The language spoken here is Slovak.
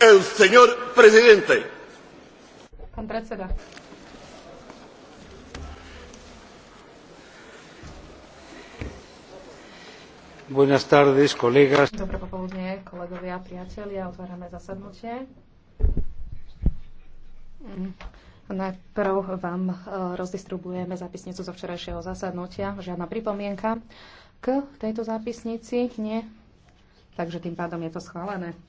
el señor presidente. Pán predseda. Buenas tardes, colegas. Dobré popoludne, kolegovia, priatelia. Otvárame zasadnutie. Najprv vám eh, rozdistribujeme zápisnicu zo včerajšieho zasadnutia. Žiadna pripomienka k tejto zápisnici? Nie. Takže tým pádom je to schválené.